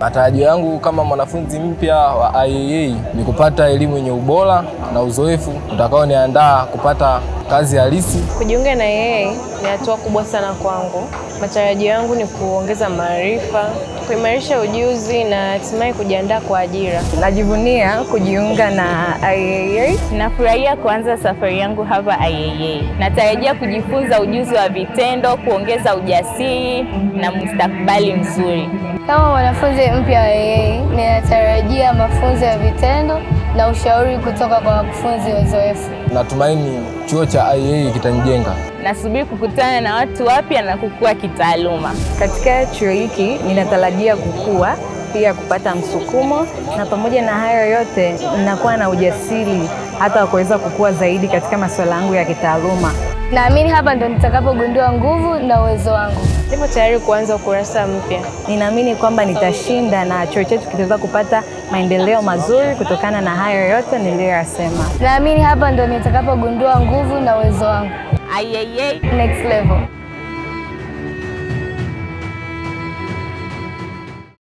Matarajio yangu kama mwanafunzi mpya wa IAA e ni kupata elimu yenye ubora na uzoefu utakaoniandaa kupata kazi halisi. Kujiunga na yeye ni hatua kubwa sana kwangu. Matarajio yangu ni kuongeza maarifa, kuimarisha ujuzi na hatimaye kujiandaa kwa ajira. Najivunia kujiunga na IAA. Nafurahia kuanza safari yangu hapa IAA. Natarajia kujifunza ujuzi wa vitendo, kuongeza ujasiri na mustakabali mzuri. Kama mwanafunzi mpya wa IAA, ninatarajia mafunzo ya vitendo na ushauri kutoka kwa wakufunzi wazoefu. Natumaini chuo cha IAA kitanijenga. Nasubiri kukutana na watu wapya na kukua kitaaluma. Katika chuo hiki ninatarajia kukua pia kupata msukumo, na pamoja na hayo yote ninakuwa na ujasiri hata wa kuweza kukua zaidi katika masuala yangu ya kitaaluma. Naamini hapa ndo nitakapogundua nguvu na uwezo wangu. Nipo tayari kuanza ukurasa mpya. Ninaamini kwamba nitashinda na chuo chetu kitaweza kupata maendeleo mazuri kutokana na hayo yote niliyoyasema. Naamini hapa ndo nitakapogundua nguvu na uwezo wangu. Ayayay, next level.